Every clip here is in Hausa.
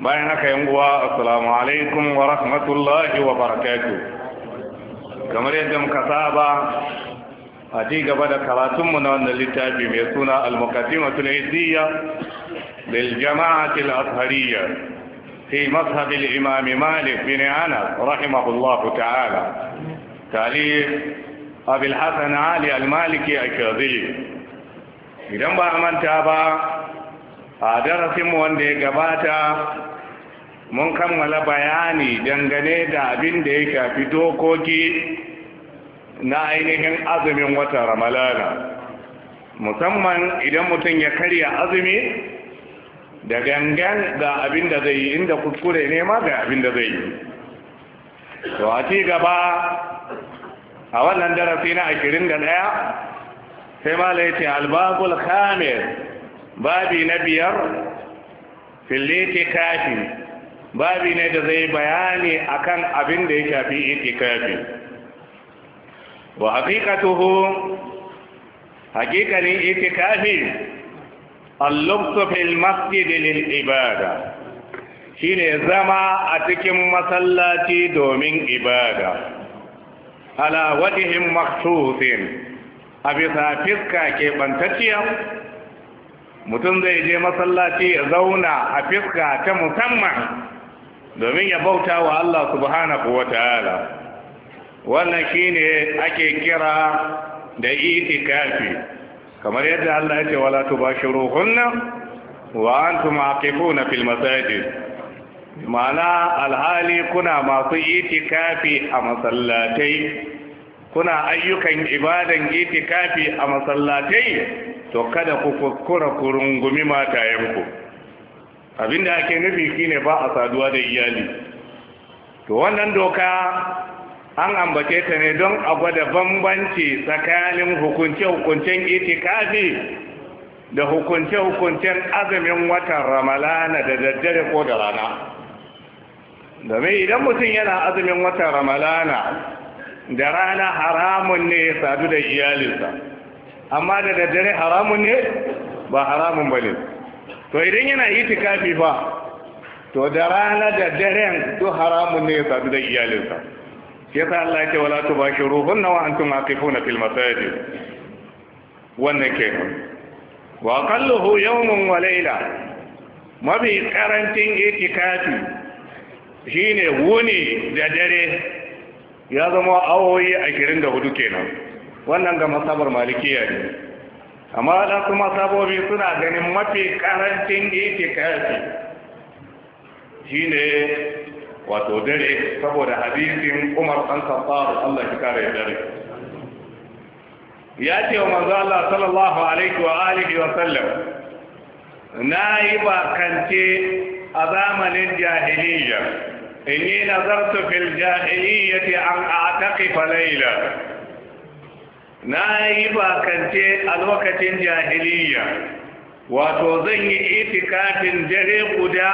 bayan haka yan uwa assalamu alaikum wa rahmatullahi wa barakatuh kamar yadda muka saba a ci gaba da karatunmu na wannan littafi mai suna al-muqaddimatul hizbiyya lil jama'atil azhariyya fi mazhab al-imam malik bin anas rahimahullah ta'ala talib abul hasan ali al-maliki al-kadhili idan ba manta ba a darasinmu wanda ya gabata mun kammala bayani dangane da abin da ya shafi dokoki na ainihin azumin wata ramalana musamman idan mutum ya karya azumi da gangan ga abin da zai yi inda kuskure ne ma ga abin da zai yi to a ci gaba a wannan darasi na ashirin da ɗaya sai ma laifi albabul khamis babi na biyar filiti kafi babi ne da zai bayani akan abin da ya shafi itikafi wa haqiqatuhu haqiqanin itikafi al-lubtu fil masjid lil ibada shine zama a cikin masallaci domin ibada ala wajhin makhsusin a bisa fiska ke mutum zai je masallaci ya zauna a fiska ta musamman domin ya bauta wa Allah subhanahu wa ta'ala wannan shine ake kira da itikafi kamar yadda Allah ya ce wala tubashiruhunna wa antum aqifuna fil masajid ma'ana alhali kuna masu itikafi a masallatai kuna ayyukan ibadan itikafi a masallatai to kada ku kuskura ku rungumi matayenku Abin da ake nufi shine ba a saduwa da iyali to wannan doka an ambace ta ne don a gwada bambanci tsakanin hukunce-hukuncen itikafi da hukunce-hukuncen azumin watan ramalana da daddare ko da rana domin idan mutum yana azumin watan ramalana da rana haramun ne ya sadu da iyalinsa amma da daddare haramun ne ba haramun ba ne to idan yana itikafi fa to da rana da daren duk haramun ne ya sadu da iyalinsa shi yasa Allah ya ce wala tubashiruhunna wa antum aqifuna fil masajid wannan kenan wa aqalluhu yawmun wa layla mafi karancin itikafi shine wuni da dare ya zama awoyi 24 kenan wannan ga masabar malikiya ne amma waɗansu sabobi suna ganin mafi karancin itikafi shi ne wato dare saboda hadisin umar ɗan kafaru Allah shi kare dare ya ce wa manzo Allah sallallahu alaihi wa alihi wa sallam na yi bakance a zamanin jahiliya inni nazartu fil jahiliyyati an a'taqifa layla na yi bakance a lokacin jahiliya wato zan yi itikafin dare guda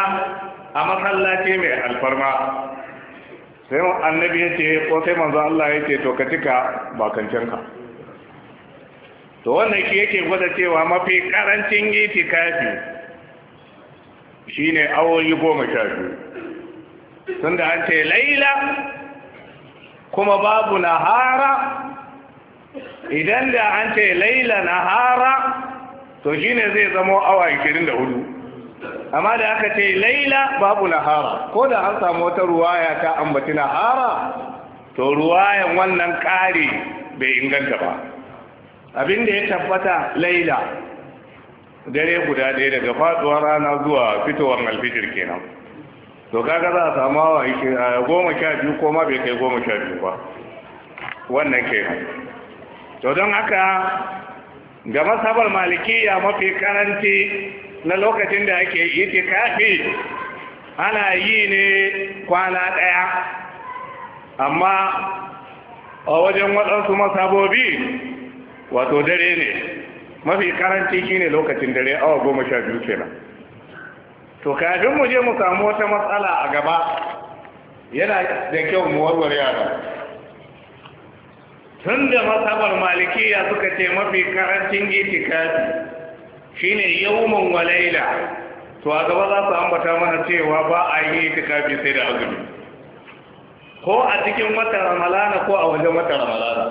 a masallaci mai alfarma sai annabi ya ce ko sai manzo Allah ya ce to ka cika bakancinka to wannan ki yake gwada cewa mafi karancin itikafi shine awoyi goma sha biyu tunda an ce laila kuma babu nahara idan da an ce laila na hara, to shine zai zama awa hudu. amma da aka ce laila babu na hara. ko da an samu wata ruwaya ta ambaci na hara, to ruwayan wannan kare bai inganta ba Abinda ya tabbata laila dare guda ɗaya daga faɗuwar rana zuwa fitowar alfijir kenan to kaga za a samu awa goma sha biyu ko ma bai kai goma sha biyu ba wannan kenan to don haka ga masabar malikiya mafi karanti na lokacin da ake kafi, ana yi ne kwana ɗaya amma a wajen waɗansu masabobi wato dare ne mafi karanci shine lokacin dare awa goma sha biyu kenan to kafin mu je mu samu wata matsala a gaba yana da kyau mu warware yara tun da masabar malikiya suka ce mafi karancin itikafi shine yawman walaila to a gaba za su ambata mana cewa ba a yi itikafi sai da azumi ko a cikin wata ramalana ko a wajen wata ramalana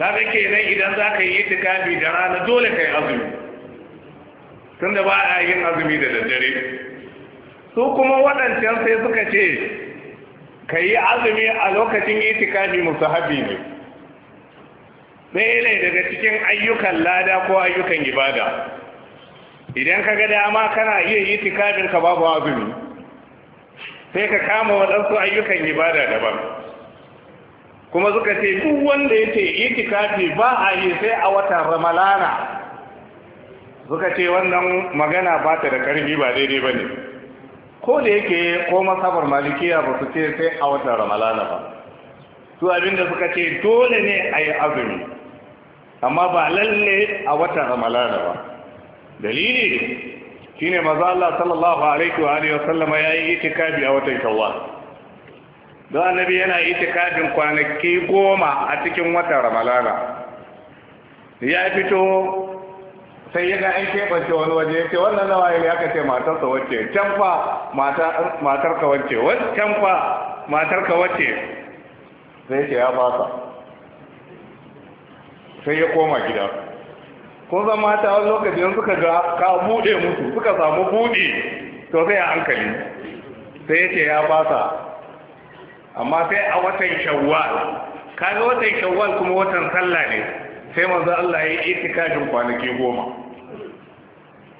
kaga kenan idan za ka yi itikafi da rana dole ka yi azumi tun da ba a yin azumi da daddare su kuma waɗancan sai suka ce ka yi azumi a lokacin itikafi musahabi ne ɗaya ne daga cikin ayyukan lada ko ayyukan ibada idan ka ga dama kana iya itikafin ka babu azumi sai ka kama waɗansu ayyukan ibada daban kuma suka ce duk wanda ya ce itikafi ba a yi sai a watan ramalana suka ce wannan magana ba ta da ƙarfi ba daidai ba ne ko da yake ko masabar malikiya ba su ce sai a watan ramalana ba su abinda suka ce dole ne a yi azumi amma ba lalle a watan ramalana ba dalili shine maza Allah sallallahu alaihi wa alihi wasallam ya yi kabi a watan shawwal don annabi yana itikafin kwanaki goma a cikin watan ramalana ya fito sai ya ga an keɓance wani waje ya ce wannan nawa ya aka ce matarsa wacce can fa matar ka wacce can fa matar ka wacce sai ce ya fasa sai ya koma gida kun zan mata wani lokaci yanzu suka ga ka buɗe musu suka samu buɗe to sai a hankali sai ya ce ya fasa amma sai a watan shawwal kaga watan shawwal kuma watan sallah ne sai manzo Allah ya yi itikafin kwanaki goma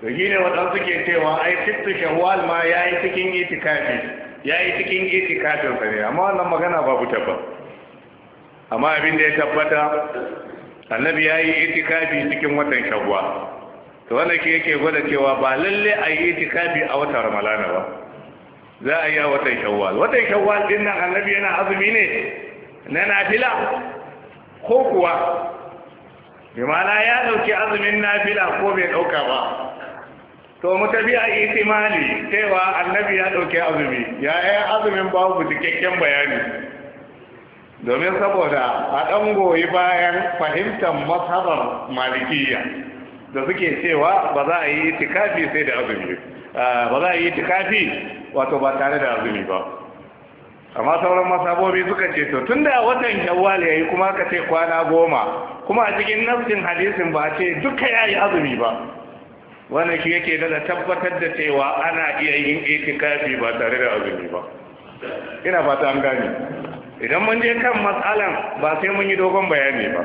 to yi ne wadanda suke cewa ai fitu shawwal ma ya yi cikin itikafi ya yi cikin itikafin sare ne amma wannan magana babu tabba amma abin da ya tabbata annabi ya yi itikafi cikin watan shawwal to wanda ke yake gwada cewa ba lalle a yi itikafi a watan ramalana ba za a yi a watan shawwal watan shawwal din nan annabi yana azumi ne na nafila ko kuwa bimana ya dauki azumin nafila ko bai dauka ba to mu tafi a itimali cewa annabi ya dauki azumi ya yi azumin babu cikakken bayani domin saboda a dan goyi bayan fahimtar mazhabar malikiyya da suke cewa ba za a yi itikafi sai da azumi ba za a yi itikafi wato ba tare da azumi ba amma sauran masabobi suka ce to tunda watan shawwal yayi kuma ka ce kwana goma kuma a cikin nafsin hadisin ba ce duka ya yi azumi ba wanda shi yake da tabbatar da cewa ana iya yin itikafi ba tare da azumi ba ina fata an gani idan mun je kan matsalan ba sai mun yi dogon bayani ba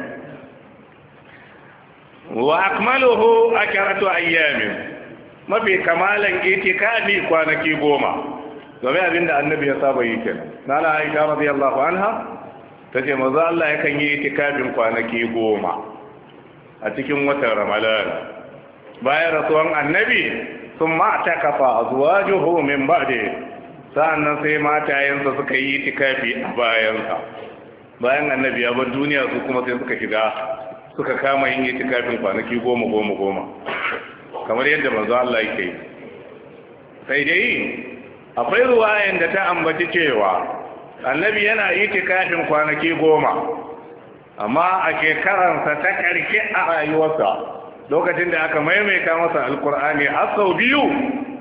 wa akmaluhu akaratu ayyamin mafi kamalan itikafi kwanaki goma domin abinda annabi ya saba yi kenan nana aisha radiyallahu anha ta ce maza Allah yakan yi itikafin kwanaki goma a cikin watan ramadan bayan rasuwan annabi sun mata kafa a zuwa juhu min ba'de sa'annan sai matayensa suka yi itikafi a bayansa bayan annabi ya bar duniya su kuma sai suka shiga suka kama yin itikafin kwanaki goma goma goma kamar yadda maza Allah yake sai dai akwai ruwayen da ta ambaci cewa annabi yana itikafin kwanaki goma amma a shekaransa ta ƙarshe a rayuwarsa lokacin da aka maimaita masa alkur'ani a sau biyu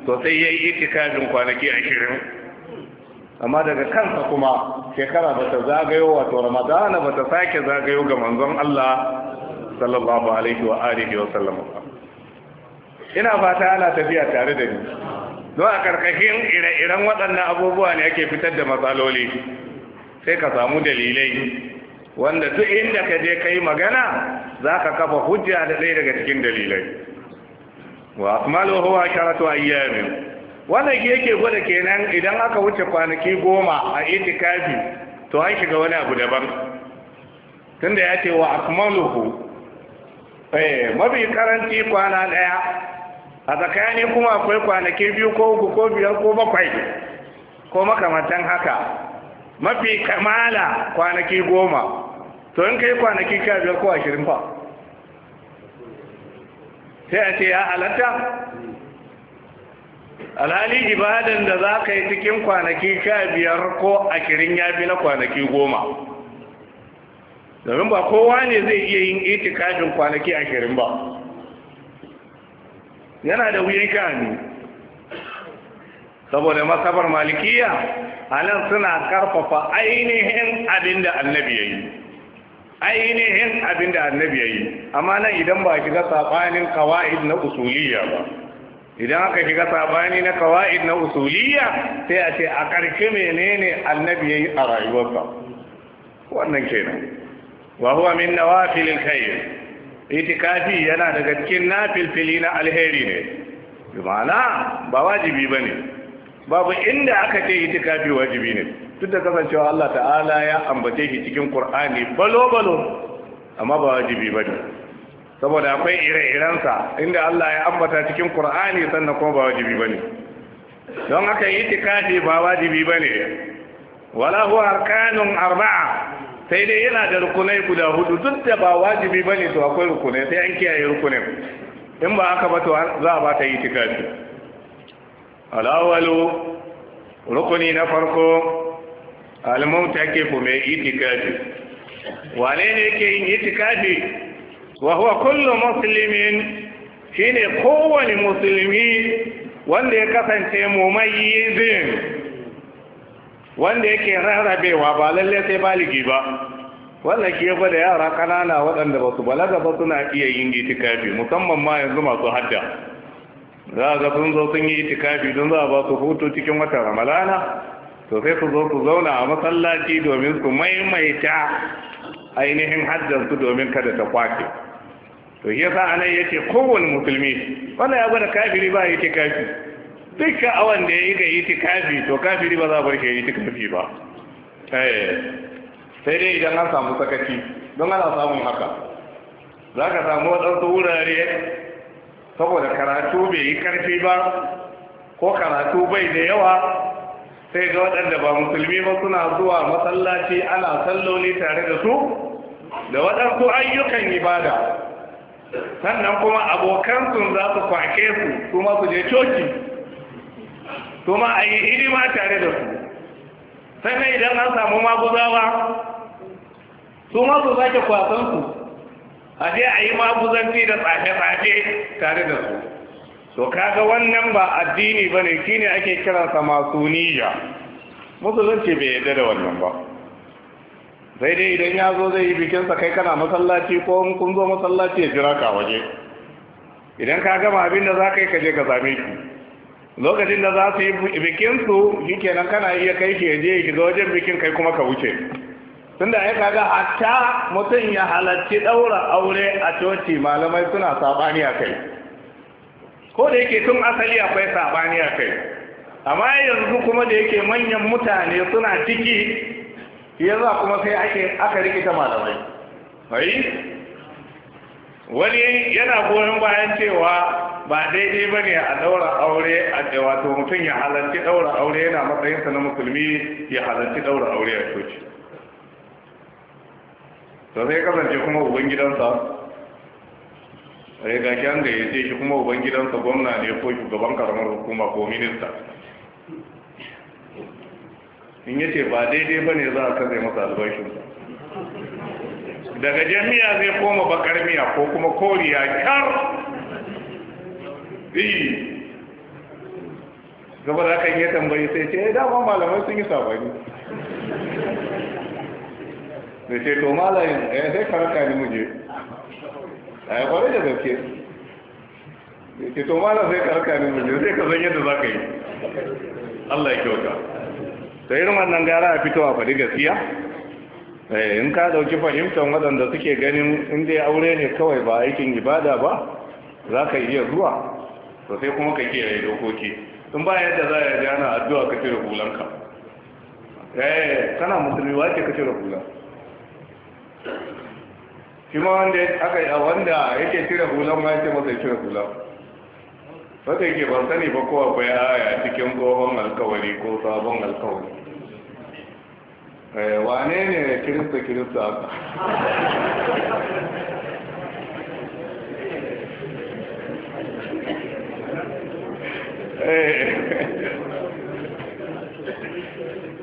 sosai sai ya yi itikafin kwanaki ashirin amma daga kansa kuma shekara ba ta zagayo wato ramadana ba ta sake zagayo ga manzon Allah sallallahu alaihi wa alihi wa sallam ina fata ana tafiya tare da ni To a karkashin ire-iren waɗannan abubuwa ne ake fitar da matsaloli sai ka samu dalilai wanda duk inda ka je ka yi magana za ka kafa hujja da ɗaya daga cikin dalilai wa malo huwa sharatu ayyamin wannan yake gwada kenan idan aka wuce kwanaki goma a itikafi to an shiga wani abu daban tunda ya ce wa akmaluhu eh mabi karanci kwana daya a tsakani kuma akwai kwanaki biyu ko uku ko biyar ko bakwai ko makamantan haka mafi kamala kwanaki goma to in kai kwanaki sha biyar ko ashirin fa sai a ce ya halatta alhali ibadan da za ka yi cikin kwanaki sha biyar ko ashirin ya fi na kwanaki goma domin ba kowa ne zai iya yin itikafin kwanaki ashirin ba yana da wuyan sha'ani saboda masabar malikiya a nan suna karfafa ainihin abin da annabi ya yi ainihin abin da annabi ya yi amma nan idan ba shiga saɓanin kawa'id na usuliya ba idan aka shiga saɓani na kawa'id na usuliya sai a ce a ƙarshe menene annabi ya yi a rayuwarsa wannan kenan wa huwa min nawafilil khair itikafi yana daga cikin nafilfili na alheri ne ma'ana ba wajibi ba ne babu inda aka ce itikafi wajibi ne duk da kasancewa Allah ta'ala ya ambace shi cikin ƙur'ani balo-balo amma ba wajibi ba ne saboda akwai ire-irensa inda Allah ya ambata cikin ƙur'ani sannan kuma ba wajibi ba ne don aka yi itikafi ba wajibi ba ne wala huwa arkanun arba'a sai dai yana da rukunai guda hudu duk da ba wajibi bane to akwai rukunai sai an kiyaye rukunai in ba haka ba to za a ba ta itikafi al'awalu rukuni na farko ke kuma mai itikafi wane ne ke yin itikafi wa huwa kullu muslimin shine kowane musulmi wanda ya kasance mumayyizin wanda yake rarrabewa ba lalle sai baligi ba wanda ke da yara kanana waɗanda ba su balaga ba suna iya yin itikafi musamman ma yanzu masu hadda za ga sun zo sun yi itikafi don za a ba su hutu cikin watan ramalana to sai su zo su zauna a masallaci domin su maimaita ainihin haddansu domin kada ta kwake, to yasa anan yake kowane musulmi wannan ya gwada kafiri ba yake kafi duka awan da ya yi ga itikafi to kafiri ba za a barke itikafi ba eh, sai dai idan an samu sakaci don ana samun haka za ka samu waɗansu wurare saboda karatu bai yi karfi ba ko karatu bai da yawa sai ga waɗanda ba musulmi ba suna zuwa masallaci ana salloli tare da su da waɗansu ayyukan ibada sannan kuma abokansu za su kwake su kuma su je coci. kuma a yi hidima tare da su sannan idan an samu maguzawa su ma su sake kwasansu a je a yi maguzanci da tsafe-tsafe tare da su to kaga wannan ba addini ba ne shine ake kiransa masu niyya musulunci bai yadda da wannan ba sai dai idan ya zo zai yi bikinsa kai kana masallaci ko kun zo masallaci ya jira ka waje idan ka gama abin da za ka yi ka je ka same shi lokacin da za su yi bikinsu shi kenan kana iya kai shi yaje ya shiga wajen bikin kai kuma ka wuce tunda ya kaga hatta mutum ya halarci ɗaura aure a coci malamai suna saɓani a kai ko da yake tun asali akwai saɓani a kai amma yanzu kuma da yake manyan mutane suna ciki yanzu kuma sai ake aka rikita malamai wani yana goyon bayan cewa ba daidai ba ne a ɗaura aure a wato mutum ya halarci daura aure yana matsayinsa na musulmi ya halarci daura aure a coci to sai kasance kuma ubangidansa sai ga shi an gayyace shi kuma uban gidansa gwamna ne ko shugaban karamar hukuma ko minista in ya ce ba daidai ba ne za a kare masa albashin. daga jami'a zai koma bakar miya ko kuma koriya kyar gaba da kan yi tambayi sai ce eh, dama malamai sun yi sabani da ce to malayin ya eh, sai karanta ni muje a ya kwarai da zarke da ce to malayin sai karanta ni muje sai ka san yadda za ka yi allah ya kyauta ta irin wannan gara a fito a faɗi gaskiya eh, in ka ɗauki fahimtar waɗanda suke ganin inda ya aure ne kawai ba aikin ibada ba za ka iya zuwa to sai kuma ka kiyaye dokoki tun ba yadda za a jana addu'a ka cire hulanka eh kana musulmi wa ke ka cire hula shi ma wanda aka a wanda yake cire hulan ma yake masa cire hula wata yake ban sani ba ko ya aya cikin tsohon alkawari ko sabon alkawari eh, wane ne kirista kirista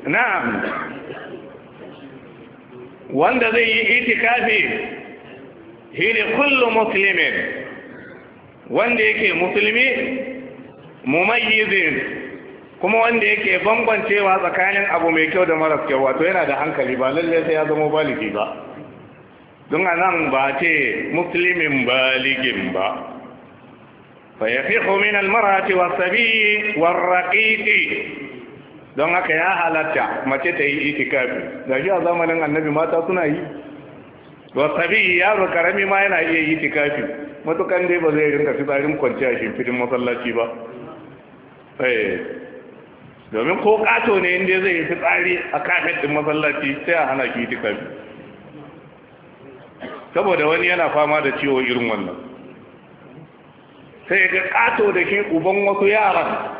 na'am wanda zai yi itikafi ne kullu muslimin wanda yake musulmi mumayyizin kuma wanda yake bambancewa tsakanin abu mai kyau da maras kyau wato yana da hankali ba lalle sai ya zama baligi ba don a nan ba ce musulmin baligin ba fa yafi min almarati wasabi warraqiqi don haka ya halatta mace ta yi itikafi shi a zamanin annabi mata suna yi wasabi yaro karami ma yana iya yi itikafi matukan dai ba zai rinka fitsarin kwanciya shimfidin masallaci ba eh. domin ko kato ne inda zai yi fitsari a kafin masallaci sai a hana shi itikafi saboda wani yana fama da ciwo irin wannan sai ga kato da shi uban wasu yaran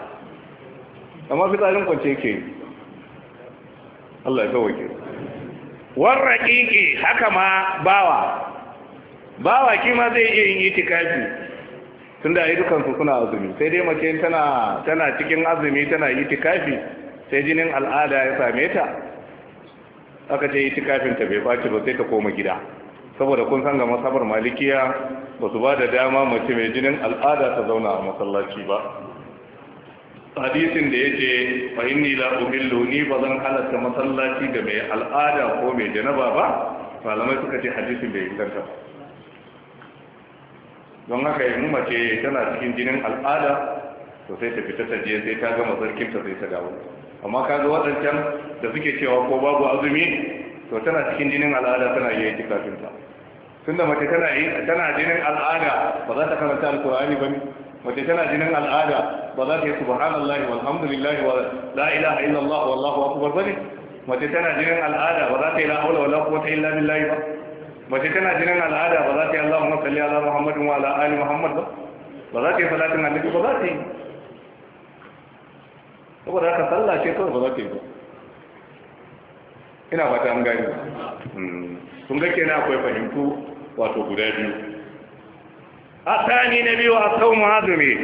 amma fitsarin kwance ke yi Allah ya kawai ke haka ma bawa bawa kima zai iya yin itikafi tun da dukansu suna azumi sai dai mace tana cikin azumi tana itikafi sai jinin al'ada ya same ta aka ce itikafin ta bai baci ba sai ta koma gida saboda kun san ga masabar malikiya ba su ba da dama mace mai jinin al'ada ta zauna a masallaci ba hadisin da yake fa inni la uhillu ni ba zan halatta masallaci da mai al'ada ko mai janaba ba malamai suka ce hadisin bai inganta don haka yanzu mace tana cikin jinin al'ada to sai ta fita ta sai ta gama sarkin ta sai ta dawo amma kaga waɗancan da suke cewa ko babu azumi to tana cikin jinin al'ada tana iya yi kafin ta tunda mace tana yi tana jinin al'ada ba za ta karanta alkur'ani ba ne mace tana jinin al'ada ba za ta yi subhanallahi walhamdulillahi wa la ilaha illallah wallahu akbar bane mace tana jinin al'ada ba za ta yi la hawla wala quwwata illa billahi ba mace tana jinin al'ada ba za ta yi Allahumma salli ala Muhammadin wa ala ali Muhammad ba ba za ta yi salatin annabi ba za ta yi saboda haka sallah ce kawai ba za ta yi ba ina fata an gani kun ga kenan akwai fahimtu wato guda biyu الثاني نبي الصوم عظمي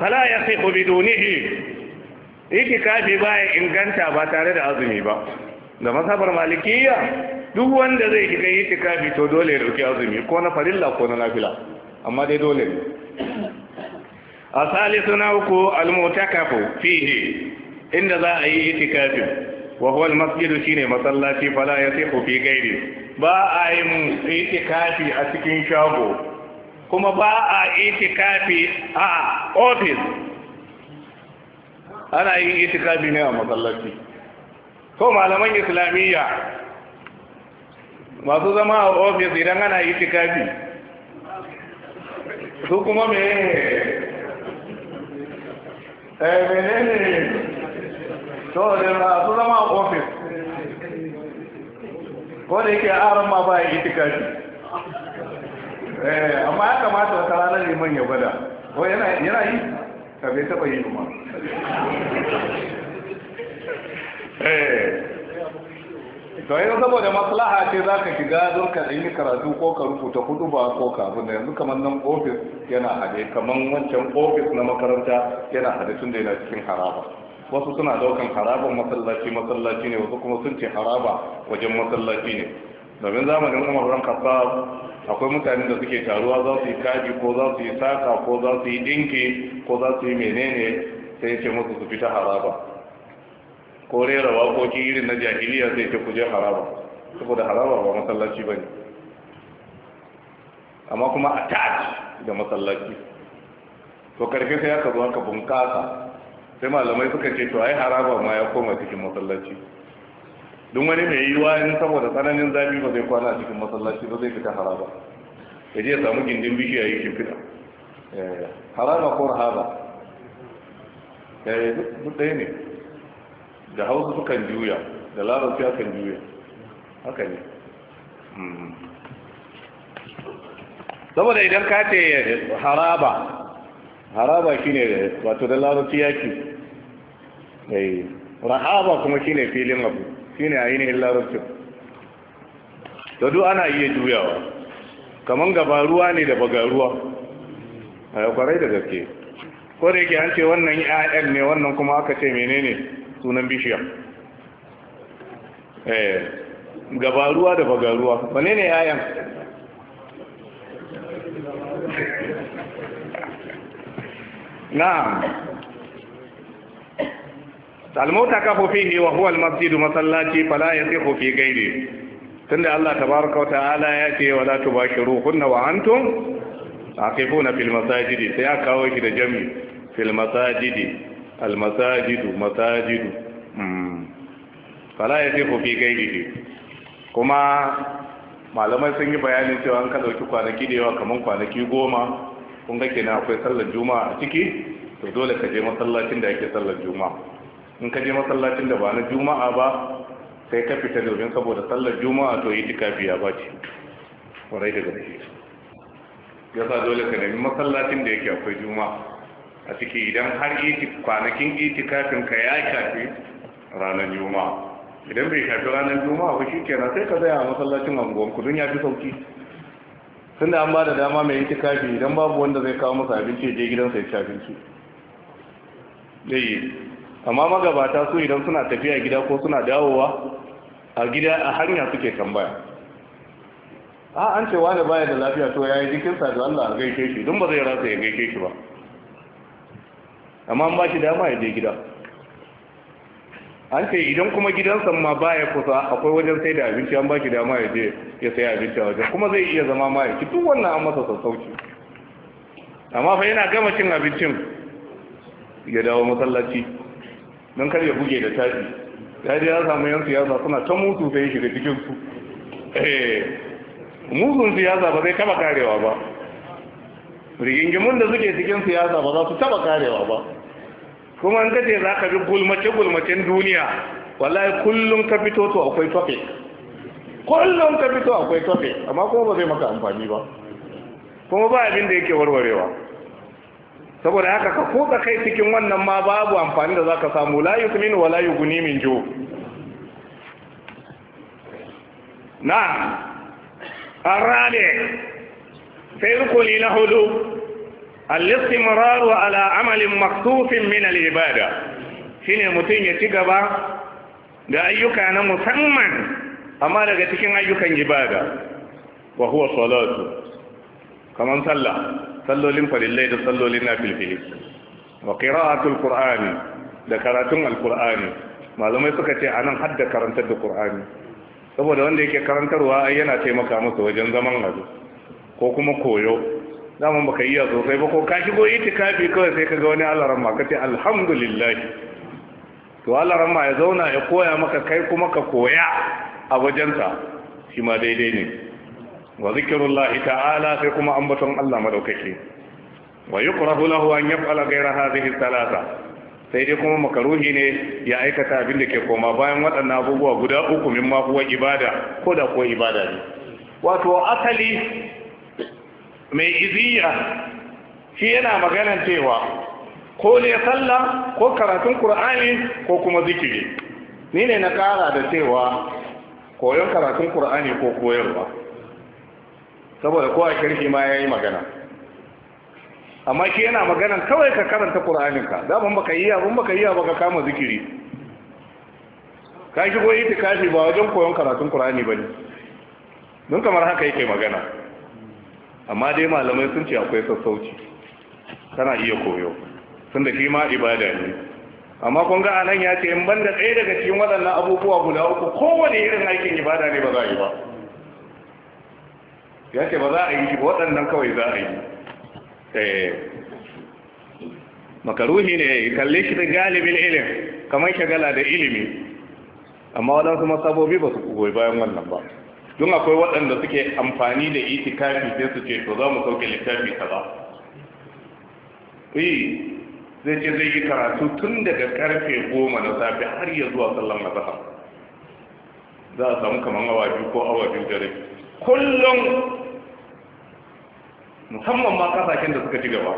فلا يصح بدونه itikafi baya inganta ba tare da azumi ba da masabar malikiya duk wanda zai shiga itikafi to dole ya dauki azumi ko na farilla ko na nafila amma dai dole ne a salisu na uku almutakafu fihi inda za a yi yi itikafi wa huwa almasjidu shine masallaci fala yasihu fi ghairi ba a yi itikafi a cikin shago kuma ba a itikafi a ofis ana yin itikafi ne a masallaci ko malaman islamiyya masu zama a ofis idan ana itikafi su kuma me ne eh, menene to da masu zama a ofis ko da yake aron ma ba a itikafi Eh, amma ya kamata wata ranar liman ya gwada ko yana yi ka bai taba yi kuma eh. to yanzu saboda maslaha ce za ka shiga don ka yi karatu ko ka rubuta hudu ba ko ka abu da yanzu kamar nan ofis yana hade kamar wancan ofis na makaranta yana hade tun da yana cikin haraba wasu suna daukan haraban masallaci masallaci ne wasu kuma sun ce haraba wajen masallaci ne domin zamanin umar ran kafa akwai mutane da suke taruwa za su yi kaji ko za su yi saka ko za su yi dinki ko za su yi menene sai ce musu su fita haraba ko rera waƙoƙi irin na jahiliya sai ce kuje haraba saboda haraba ba masallaci ba ne amma kuma a ta'ad da masallaci to karfe sai aka zo aka bunƙasa sai malamai suka ce to ai haraba ma ya koma cikin masallaci don wani mai yiwa in saboda tsananin zafi ba zai kwana a cikin masallaci ba zai fita haraba ya je ya samu gindin bishiya ya ke fita eh, haraba ko rahaba ya eh, yi duk ɗaya ne da hausa kan juya da larabci kan juya haka ne hmm. saboda idan ka ce haraba haraba shine wato da larabci yaki eh, rahaba kuma shine filin abu shine ainihin larabcin da duk ana iya juyawa kaman gaba ruwa ne da baga ruwa a eh, kwarai da gaske ko da yake an ce wannan ya'yan ne wannan kuma aka ce menene sunan bishiyar? eh gaba ruwa da baga ruwa wane ne ya'yan na'am almauta kafu fihi wa huwa almasjid masallaci fala yasihu fi ghairi tunda Allah ta tabaraka wa ta'ala ya ce ba ruhun. wala tubashiruhunna wa antum aqifuna fil masajid sai ya kawo shi da jami fil masajid al masajid masajid hmm. fala yasihu fi ghairi kuma malamai sun yi bayanin cewa an kaɗauki kwanaki da yawa kaman kwanaki goma kun ga kenan akwai sallar juma'a a ciki to dole ka je masallacin da ake sallar juma'a in ka je masallacin da ba na juma'a ba sai ka fita domin saboda sallar juma'a to yi tikafi ba ce warai da gaske ya sa dole ka nemi masallacin da yake akwai juma'a a ciki idan har kwanakin kafin ka ya shafi ranar juma'a idan bai shafi ranar juma'a ba shi kenan sai ka zaya a masallacin anguwan kudin ya fi sauki sun da an ba da dama mai kafi, idan babu wanda zai kawo masa abinci ya je gidansa ya ci abinci amma magabata su idan suna tafiya gida ko suna dawowa a gida a hanya suke tambaya a an ce wani baya da lafiya to ya yi jikin sa da Allah a gaishe shi don ba zai rasa ya gaishe shi ba amma an ba shi dama ya je gida an ce idan kuma gidansa ma baya kusa akwai wajen sai da abinci an ba shi dama ya je ya sai abinci a wajen kuma zai iya zama ma ya duk wannan an masa sassauci amma fa yana gama cin abincin ya dawo masallaci don kar ya buge da tashi ya je ya samu yan siyasa suna ta mutu sai ya shiga cikin su eh, mutun siyasa ba zai taba karewa ba rigingimun da suke cikin siyasa ba za su taba karewa ba kuma an kace za ka bi gulmace gulmacen duniya wallahi kullum ka fito to akwai topic kullum ka fito akwai topic amma kuma ba zai maka amfani ba kuma ba abin da yake warwarewa saboda haka ka kutsa kai cikin wannan ma babu amfani da zaka samu la yusmin wa la yughni min ju na arabe sai rukuni na hudu al-istimraru ala amalin maktufin min ibada shine mutum ya ci gaba da ayyuka na musamman amma daga cikin ayyukan ibada wa huwa salatu kaman sallah sallolin farillai da sallolin na filfili wa qira'atul qur'ani da karatun alqur'ani malamai suka ce anan hadda karantar da Kur'ani saboda wanda yake karantarwa ai yana taimaka masa wajen zaman hazo ko kuma koyo zaman baka iya sosai ba ko ka shigo itikafi kawai sai ka ga wani alaran ma ka ce alhamdulillah to alaran ma ya zauna ya koya maka kai kuma ka koya a wajensa shi ma daidai ne wa zikirullahi ta'ala sai kuma ambaton Allah madaukake wa yukrahu lahu an yaf'ala ghayra hadhihi thalatha sai dai kuma makaruhi ne ya aikata abin da ke koma bayan waɗannan abubuwa guda uku min ma kuwa ibada ko da kuwa ibada ne wato asali mai iziya shi yana maganan cewa ko ne sallah ko karatun qur'ani ko kuma zikiri ni ne na kara da cewa koyon karatun qur'ani ko koyarwa saboda kowa sharhi ma ya yi magana amma ke yana maganan kawai ka karanta ƙur'aninka daban baka yi abin baka yi ka kama zikiri ka shigo itikafi ba wajen koyon karatun ƙur'ani ba ne don kamar haka yake magana amma dai malamai sun ce akwai sassauci tana iya koyo sun da shi ma ibada ne amma kun ga anan ya ce in banda ɗaya daga cikin waɗannan abubuwa guda uku kowane irin aikin ibada ne ba za a yi ba ya ce ba za a yi shi waɗannan kawai za a yi eh. makaruhi ne kalli shi da galibin ilim kamar shagala da ilimi amma waɗansu masabobi ba su goyi bayan wannan ba don akwai waɗanda suke amfani da itikafi sai su ce to za mu sauke littafi kaza ba zai ce zai yi karatu tun daga karfe goma na safe har ya zuwa sallan azhar za a samu kamar awa biyu ko awa biyu dare kullum musamman ma kasashen da suka ci gaba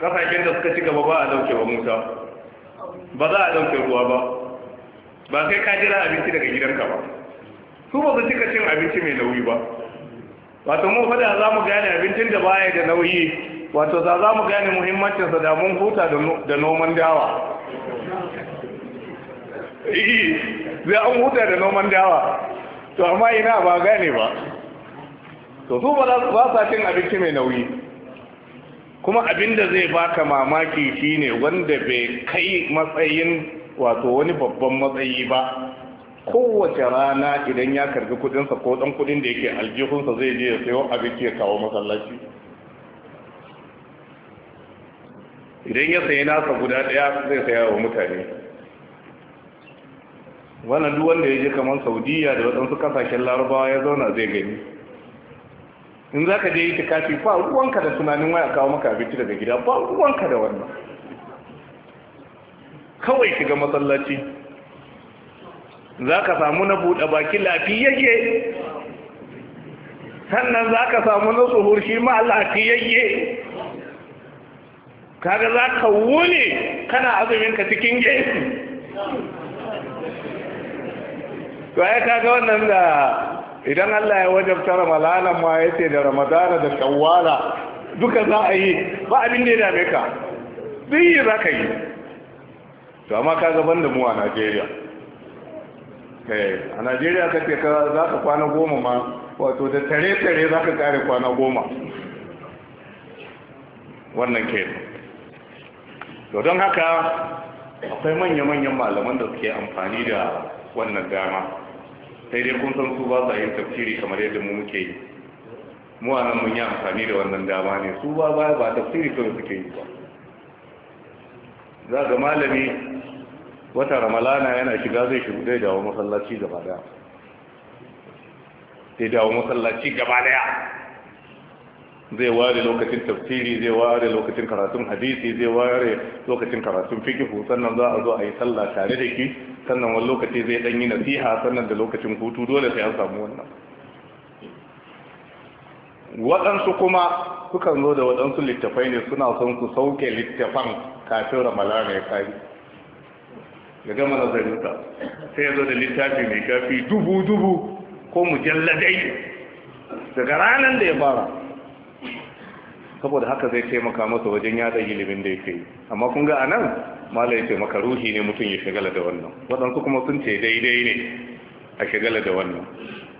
kasashen da suka ci gaba ba a dauke wa musa ba za a dauke ruwa ba ba sai ka jira abinci daga gidanka ba su ba su cika cin abinci mai nauyi ba wato mu fada za mu gane abincin da baya da nauyi wato za za mu gane muhimmancinsa da mun huta da noman dawa zai an huta da noman dawa to amma ina ba gane ba to su ba sa cin abinci mai nauyi kuma abin da zai baka mamaki shine wanda bai kai matsayin wato wani babban matsayi ba kowace rana idan ya karbi kudinsa ko dan kudin da yake aljihunsa zai je ya sayo abinci ya kawo masallaci idan ya sayi nasa guda daya zai saya wa mutane wannan duk ya je kamar saudiya da waɗansu kasashen larabawa ya zauna zai gani in za ka je yi tukafi ba ruwanka da tunanin waya kawo maka abinci daga gida ba ruwanka da wannan kawai shiga masallaci za ka samu na buɗe baki lafiyayye sannan za ka samu na tsohuwar shi ma lafiyayye kaga za ka wune kana azumin ka cikin gefe to ya kaga wannan da idan Allah ya wajabta ramadanan ma ya ce da ramadana da shawwala duka za a yi ba abin da ya dame ka duk yi za ka yi to amma ka gaban da mu a najeriya eh, a najeriya ka ce ka za ka kwana goma ma wato da tare-tare za ka kare kwana goma wannan ke to don haka akwai manya-manyan malaman da suke amfani da wannan dama sai dai kun san su ba sa yin tafsiri kamar yadda mu muke yi mu a nan mun yi amfani da wannan dama ne su ba ba ba tafsiri kawai suke yi ba za ga malami wata ramalana yana shiga zai shigo zai dawo masallaci gaba daya zai dawo masallaci gaba daya zai ware lokacin tafsiri zai ware lokacin karatun hadisi zai ware lokacin karatun fikihu sannan za a zo a yi sallah tare da ki sannan wani lokaci zai ɗan yi nasiha sannan da lokacin hutu dole sai an samu wannan waɗansu kuma sukan zo da waɗansu littafai ne suna son su sauke littafan kafin ramala ya kari ya gama nazarinsa sai zo da littafi mai kafi dubu-dubu ko mujalladai daga ranar da ya fara saboda haka zai taimaka masa wajen yada ilimin da yake amma kun ga a nan malai ce makaruhi ne mutum ya shagala da wannan waɗansu kuma sun ce daidai ne a shagala da wannan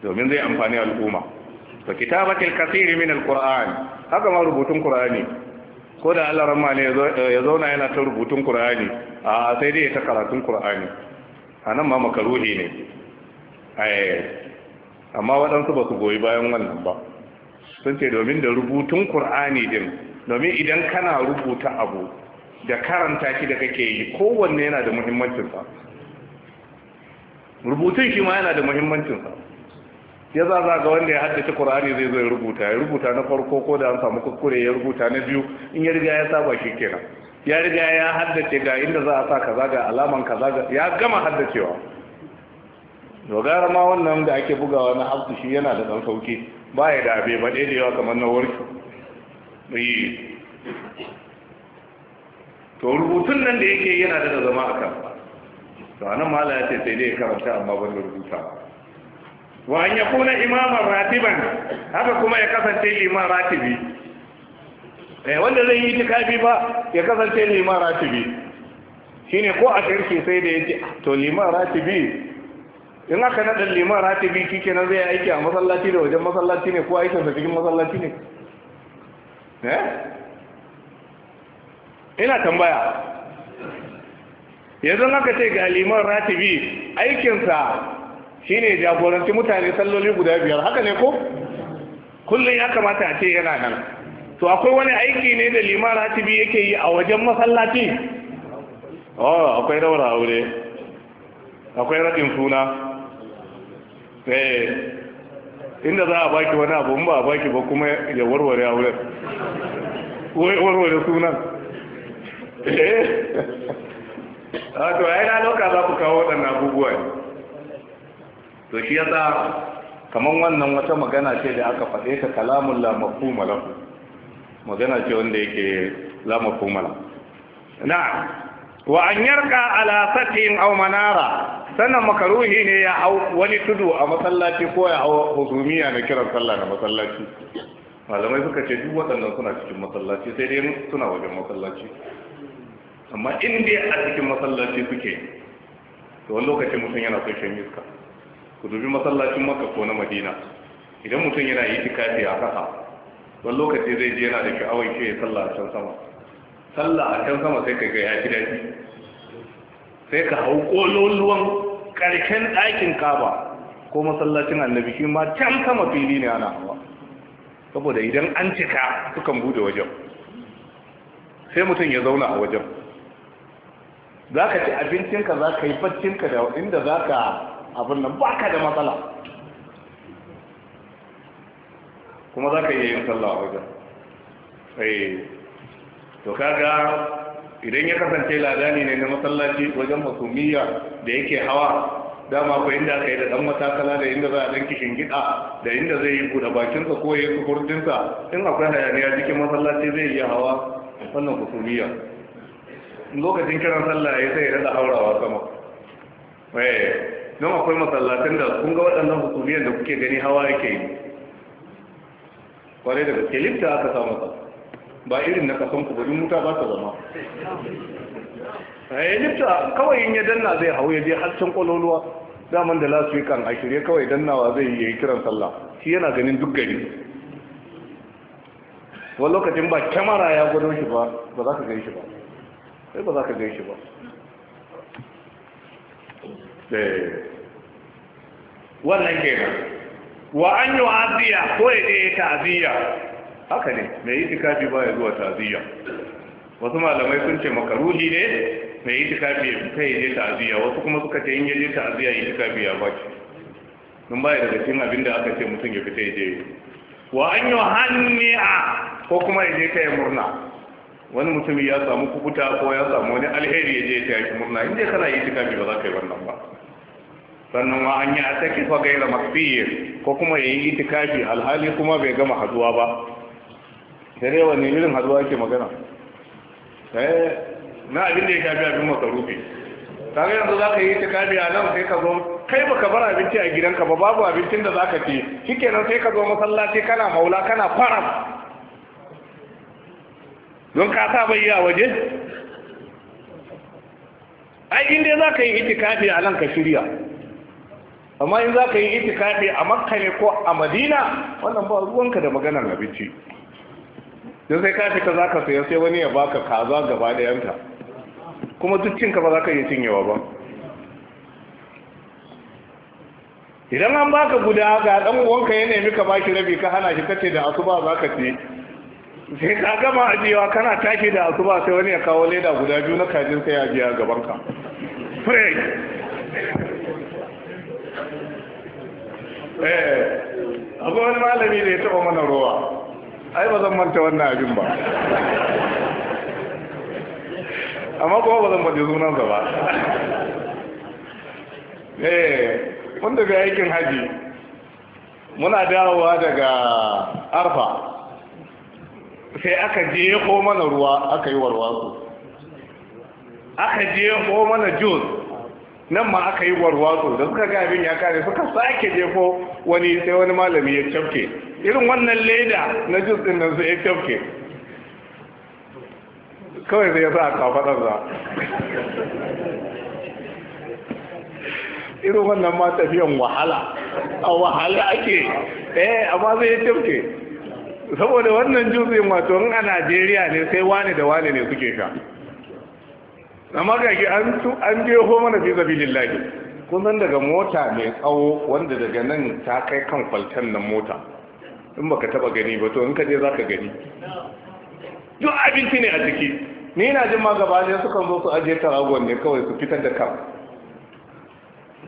domin zai amfani al'umma wa kitabatil kathiri min alquran haka ma rubutun qur'ani ko da Allah ramma ne ya zauna yana ta rubutun qur'ani a sai dai ta karatun qur'ani anan ma makaruhi ne eh, amma waɗansu ba su goyi bayan wannan ba sun ce domin da rubutun qur'ani din domin idan kana rubuta abu da karanta shi da kake yi kowanne yana da muhimmancinsa rubutun shi ma yana da muhimmancinsa ya za za ga wanda ya haddace Qur'ani zai zo ya rubuta ya rubuta na farko ko da an samu kuskure ya rubuta na biyu in ya riga ya saba shi kenan ya riga ya haddace ga inda za a sa kaza ga alaman kaza ga ya gama haddacewa dogara ma wannan da ake bugawa na hafsu shi yana da dan sauki ba ya da abe ba yawa kamar na warki to rubutun nan da yake yana da zama a kan to anan mala ya ce sai dai karanta amma ban da rubuta wa an yakuna imamar ratiban haka kuma ya kasance liman ratibi eh wanda zai yi tikafi ba ya kasance liman ratibi shine ko a shirki sai da yake to liman ratibi in aka nada liman ratibi kike nan zai aiki a masallaci da wajen masallaci ne ko aikin sa cikin masallaci ne eh ina tambaya yanzu haka ce ga liman ratibi aikinsa shine jagoranci mutane salloli guda biyar haka ne ko kullum ya kamata a ce yana nan to akwai wani aiki ne da liman ratibi yake yi a wajen masallaci oh akwai daura aure akwai raɗin suna eh inda za a baki wani abu ba a baki ba kuma ya warware auren warware sunan Eh. a to ai na za ku kawo waɗannan abubuwa to shi yasa kamar wannan wata magana ce da aka faɗe ta kalamun la magana ce wanda yake la na wa an yarka ala satin manara sannan makaruhi ne ya hau wani tudu a masallaci ko ya hau hukumiya na kiran sallah na masallaci malamai suka ce duk waɗannan suna cikin masallaci sai dai suna wajen masallaci amma in dai a cikin masallaci suke to wani lokacin mutum yana son shan iska ku dubi masallacin maka ko na madina idan mutum yana yi tikafi a kasa wani lokaci zai je yana da sha'awar ke sallah a can sama sallah a can sama sai ka ga ya fi daji sai ka hau ƙololuwan ƙarshen ɗakin kaba ko masallacin annabi shi ma can sama fili ne ana hawa saboda idan an cika sukan bude wajen sai mutum ya zauna a wajen za ka ci abincinka za ka yi baccinka da inda za ka abin nan ba ka da matsala kuma za ka iya yin sallah a wajen eh, to kaga idan ya kasance ladani ne na masallaci wajen masumiya da yake hawa dama ko inda aka yi da dan matakala da inda za a dan kishin gida da inda zai yi buɗe bakinsa ko ya yi kurdinsa in akwai hayaniya cikin masallaci zai iya hawa wannan kusuriya lokacin kiran sallah ya sai da haurawa sama eh don akwai masallatin da kun ga waɗannan hukumiyar da kuke gani hawa yake yi kwarai da gaske lifta aka samu sa ba irin na kasan ku bari muta ba ta zama A eh, lifta kawai in ya danna zai hau ya je har can kololuwa daman da lasu kan a shirye kawai dannawa zai yi kiran sallah shi yana ganin duk gari wani lokacin ba kyamara ya gwado shi ba ba za ka gani shi ba sai ba za ka gaishe ba eh. wannan kenan wa an yi wa'aziyya ko ya je ta'aziyya haka ne mai tikafi ba ya zuwa ta'aziyya wasu malamai sun ce makaruhi ne mai tikafi ta yi je ta'aziyya wasu kuma suka ce in ya je ta'aziyya tikafi ya baki mun baya daga cikin abin da aka ce mutum ya fita ya je wa an yi hanni'a ko kuma ya je ta yi murna wani mutum ya samu kubuta ko ya samu wani alheri ya je ya tafi murna inda dai kana itikafi ba za ka yi wannan ba sannan ma an yi a take fa gaira makfiye ko kuma ya yi itikafi alhali kuma bai gama haduwa ba sai dai wani irin haduwa ke magana eh, na abin da ya shafi abin makarufi kaga yanzu za ka yi itikafi a nan sai ka zo kai ba ka bar abinci a gidanka ba babu abincin da za ka ci shikenan sai ka zo masallaci kana maula kana faram don ka bai yi a waje ai inda za ka yi itikafi a nan ka shirya amma in za ka yi itikafi a makka ne ko a madina wannan ba ruwanka da maganar abinci don sai ka fita za ka saya sai wani ya baka kaza gaba ɗayanta kuma duk cinka ba za ka iya cinyewa ba idan an baka guda ga dan uwanka ya nemi ka baki rabi ka hana shi kace da asuba za ka ci sai ka gama ajiyewa kana tashi da asuba sai wani ya kawo leda guda biyu na kajin sai ya biya gaban ka fred eh abu wani malami da ya taba mana ruwa ai ba zan manta wannan abin ba amma kuma ba zan faɗi sunansa ba eh wanda bai aikin haji muna dawowa daga arfa sai aka je ko mana ruwa aka yi warwatsu aka je ko mana jos nan ma aka yi warwatsu da suka ga abin ya kare suka sake je ko wani sai wani malami ya cafke irin wannan leda na jus din nan sai ya cafke kawai sai ya sa a kafaɗar za irin wannan ma tafiyan wahala a wahala ake eh amma sai ya cafke saboda wannan jutsin wato in a najeriya ne sai wane da wane ne suke sha amma gaki an ko mana fi zabi lillahi kun san daga mota mai tsawo wanda daga nan ta kai kan kwalton nan mota in baka taba gani ba to in ka je za ka gani duk abinci ne a ciki ni na jin ma gaba ne sukan zo su aje taragon ne kawai su fitar da kan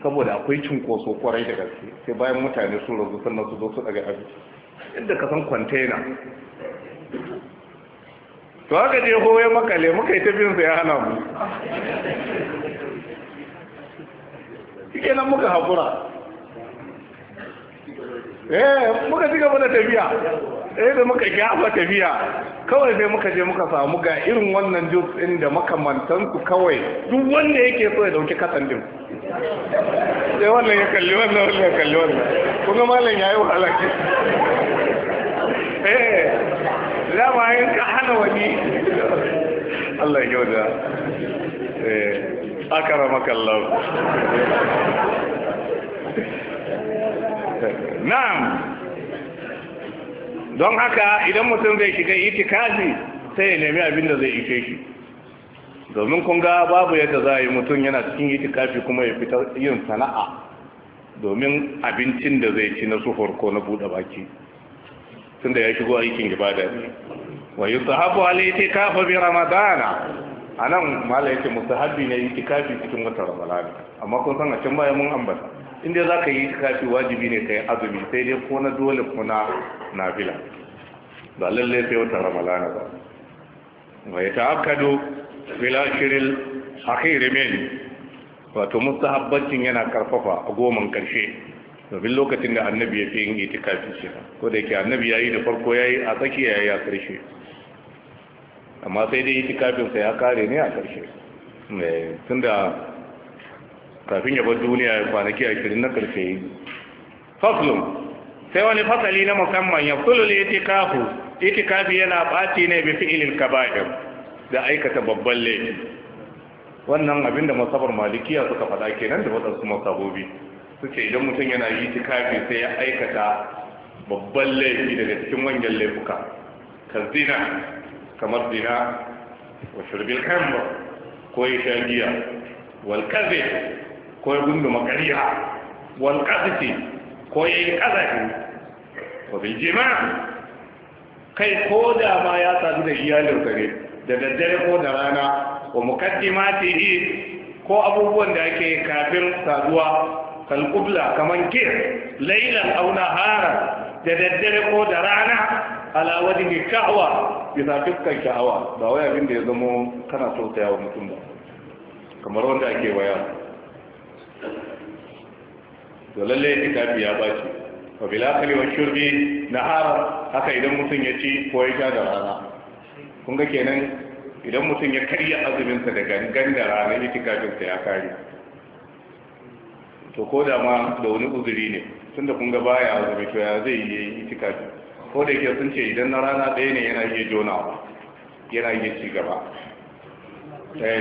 saboda akwai cinkoso kwarai da gaske sai bayan mutane sun rasu sannan su zo su daga abinci inda ka san kwantena to haka je hoye makale muka yi tafiyar sa ya hana mu kenan muka haƙura eh muka ci gaba da tafiya sai da muka gyafa tafiya kawai sai muka je muka samu ga irin wannan jus ɗin da makamantansu kawai duk wanda yake so ya dauki kasan din sai wannan ya kalli wannan wannan ya kalli wannan kuma malam ya yi wahala ke eh ma yin ka hana wani Allah ya da eh akara makallahu na'am don haka idan mutum zai shiga itikafi sai ya nemi abin da zai ishe shi domin kun ga babu yadda za a yi mutum yana cikin itikafi kuma ya fita yin sana'a domin abincin da zai ci na sufur ko na buɗe baki tunda ya shigo aikin ibada ne wa yusahabu al-itikafu bi ramadana A anan mala yake musahabi ne itikafi cikin watan ramadana amma kun san a can baya mun ambata inda za ka yi kafi wajibi ne ka yi azumi sai dai ko na dole ko na nafila ba lallai sai wata ramalana ba wa ya ta'akkadu fil ashril akhir min wato mustahabbancin yana karfafa a goman karshe domin lokacin da annabi ya fi yin itikafi shi ko da yake annabi ya yi da farko ya yi a tsakiya ya yi a karshe amma sai dai itikafinsa ya kare ne a karshe eh, tunda kafin ya bar duniya kwanaki ashirin na karshe faslun sai wani fasali na musamman ya kulul itikafu itikafi yana ɓaci ne bi fi'ilin kaba'ir da aikata babban laifi wannan abin da masabar malikiya suka faɗa kenan da waɗansu masabobi suke idan mutum yana itikafi sai ya aikata babban laifi daga cikin manyan laifuka kan zina kamar zina wa shirbin hamra ko ya sha giya wal kaze ko ya gunduma ƙariya wal qasfi ko ya ko bil jima' kai ko da ma ya sadu da iyalin kare da daddare ko da rana wa mukaddimatihi ko abubuwan da ake kafin saduwa kal qubla kaman ke laylan aw nahara da daddare ko da rana ala wajhi kahwa bisa dukkan sha'awa ba wai abin da ya zama kana so ta yawo mutum ba kamar wanda ake waya to lalle itikafi ya baci wa bil akli wa shurbi nahara haka idan mutum ya ci ko ya sha da rana kun ga kenan idan mutum ya karya azumin sa da gangan da rana itikafin sa ya kare to ko da ma da wani uzuri ne tunda kun ga baya azumi to ya zai yi itikafi ko da yake sun ce idan na rana ɗaya ne yana iya jonawa yana iya ci gaba eh,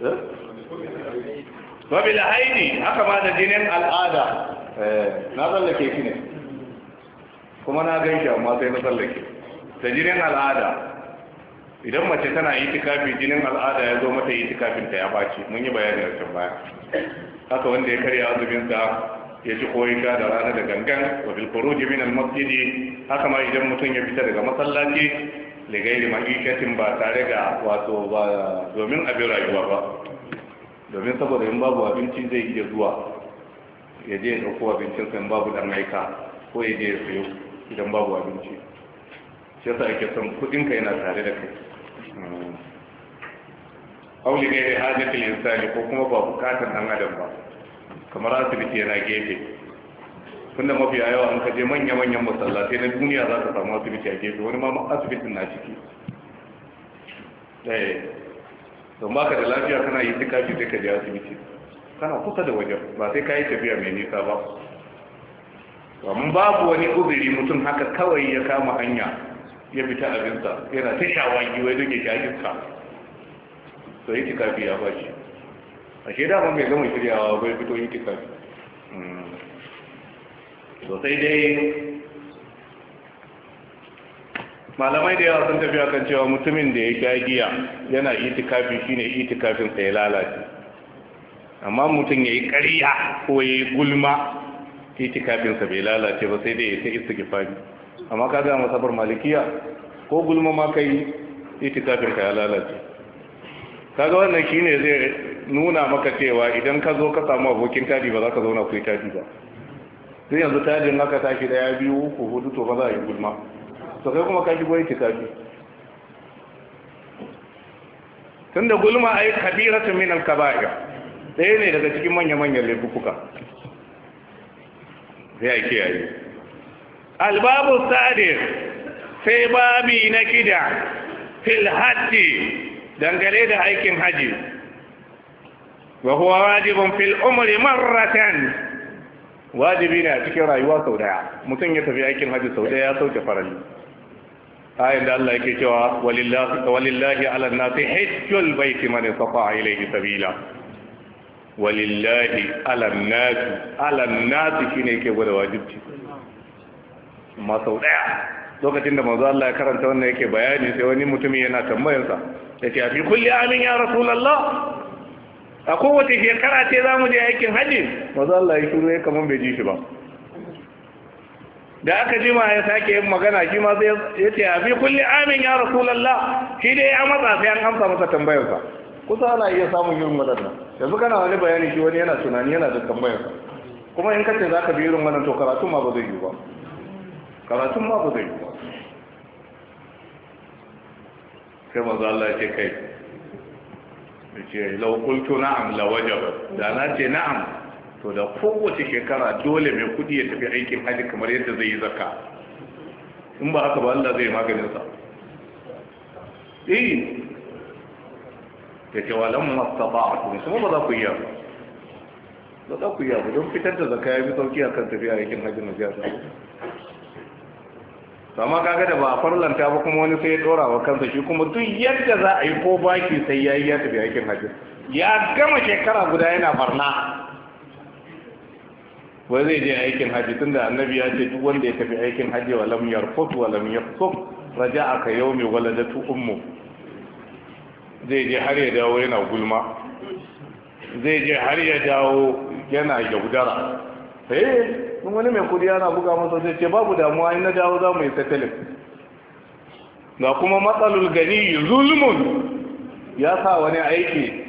eh? wa haini haka ma da jinin al'ada eh, na tsallake shi kuma na gan amma sai na tsallake da jinin al'ada idan mace tana yi tikafi jinin al'ada ya zo mata yi tikafin ta ya baci mun yi bayani a can baya haka wanda ya karya azumin sa ya ci koyi da rana da gangan wa bil khuruji min masjidi haka ma idan mutum ya fita daga masallaci ligairi ma'ishatin ba tare ga wato ba domin abin rayuwa ba domin saboda in babu abinci zai iya zuwa ya je ya ɗauko abincin sa babu ɗan aika ko ya je ya sayo idan babu abinci shi yasa ake son kuɗinka yana tare da kai auli ne da hajjatul insani ko kuma ba bukatar ɗan adam ba kamar asibiti yana gefe tunda mafi yawa an kaje manya-manyan masallatai na duniya za ka samu asibiti a gefe wani ma asibitin na ciki eh. don baka da lafiya kana yi duka ji sai ka asibiti kana kusa da wajen ba sai ka yi tafiya mai nisa ba Ba mun babu wani uzuri mutum haka kawai ya kama hanya ya fita abinsa yana ta shawagi wai don ya shagin sa to yi tikafi ya ba shi a shi dama mai gama shiryawa bai fito yi tikafi sosai hmm. dai malamai da yawa sun tafi kan cewa mutumin da ya sha giya yana itikafi shine itikafin sai lalace amma mutum ya yi ƙarya ko ya yi gulma itikafinsa bai lalace ba sai dai ya ta istighfari amma ka ga masabar malikiya ko gulma ma kai itikafinka ya lalace kaga wannan shine zai nuna maka cewa idan ka zo ka samu abokin tadi ba za ka zauna ku yi tadi ba sai yanzu tadin aka tashi daya biyu uku hudu to ba za a yi gulma to kai kuma ka shigo yake kafi tunda gulma ai kabiratu min al-kaba'ir ɗaya ne daga cikin manya-manyan laifuka sai a kiyaye albabu sadir sai babi na kida fil hajji dangane da aikin haji wa huwa wajibun fil umri marratan wajibi ne a cikin rayuwa sau daya mutum ya tafi aikin haji sau daya ya sauke farali ayin da Allah yake cewa walillahi ala nasi hajjul baiti man istata'a ilayhi sabila walillahi ala nasi ala nasi shine yake gwada wajibi amma sau daya lokacin da manzo Allah ya karanta wannan yake bayani sai wani mutumi yana tambayar sa yace a fi kulli amin ya rasulullah a kowace shekara ce zamu je aikin haji manzo Allah ya shiru kaman bai ji shi ba da aka ji ma ya sake yin magana shi ma sai ya ce a kulli amin ya rasulullah shi dai ya matsa sai an amsa masa tambayarsa kusa ana iya samun yin waɗannan yanzu kana wani bayani shi wani yana tunani yana da tambayarsa kuma in kace za ka bi irin wannan to karatun ma ba zai yi ba karatun ma ba zai yi ba sai maza Allah ya ce kai ya ce lau kultu na'am la wajaba da na ce na'am to da kowace shekara dole mai kudi ya tafi aikin hajji kamar yadda zai yi zakka in ba haka ba Allah zai maganin sa eh ya ce wa lam ne kuma ba za ku yi ba za ku yi ba don fitar da zakka ya bi sauki akan tafi aikin hajji na jiya sama kaga da ba a farlanta ba kuma wani sai ya dora wa kansa shi kuma duk yadda za a yi ko baki sai ya yi ya tafi aikin hajji ya gama shekara guda yana barna wai zai je aikin haji tunda annabi ya ce duk wanda ya tafi aikin haji wa lam yarfut wa lam raja'a ka yawmi waladatu ummu zai je har ya dawo yana gulma zai je har ya dawo yana yaudara eh mun wani mai kudi yana buga masa sai ce babu damuwa in na dawo za mu yi tattalin na kuma matsalul gani zulmun ya sa wani aiki